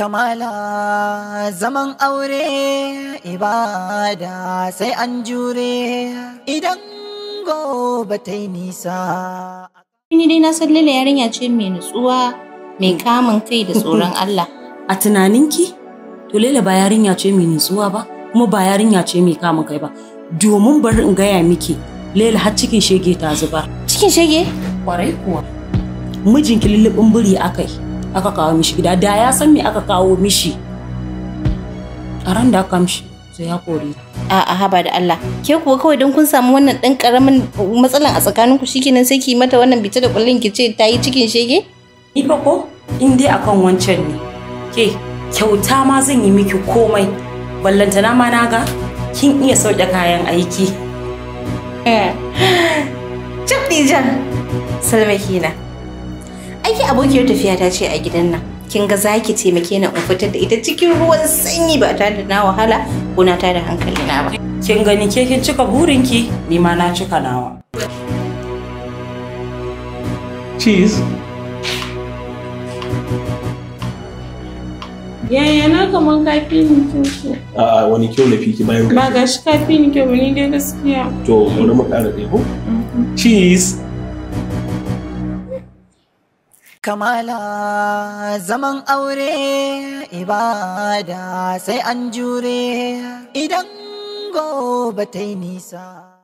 kamala zaman aure ibada sai an jure idan gobe ta yi nisa. Ni dai na san Lila yarinya ce mai nutsuwa mai kamun kai da tsoron Allah. A tunaninki? To Lila ba yarinya ce mai nutsuwa ba, kuma ba yarinya ce mai kamun kai ba. Domin bari in gaya miki, Lila har cikin shege ta zuba. Cikin shege? Kwarai kuwa. Mijinki lullubin biri akai. aka kawo mishi gida da ya san me aka kawo mishi a ran da aka mishi sai ya kore a'a haba da Allah ke kuwa kawai don kun samu wannan dan karamin matsalan a tsakaninku shikenan sai ki mata wannan bita da kullun ki ce ta yi cikin shege ni fa ko in dai akan wancan ne ke kyauta ma zan yi miki komai ballantana ma na ga kin iya sauke kayan aiki eh. Cap Dijan, Salma Kina. aiki abokiyar tafiya ta ce a gidan nan kin ga zaki taimake na in fitar da ita cikin ruwan sanyi ba tare da na wahala ko na tada hankali na ba kin gani ke kin cika burinki ni ma na cika nawa cheese yaya na kaman kafi ni kyau a wani kyau na fiki bayan ba gashi kafi ni kyau ni dai gaskiya to bari mu ƙara ko. Mm-hmm. cheese Kamala zaman aure ibada sai an jure idan gobe ta yi nisa.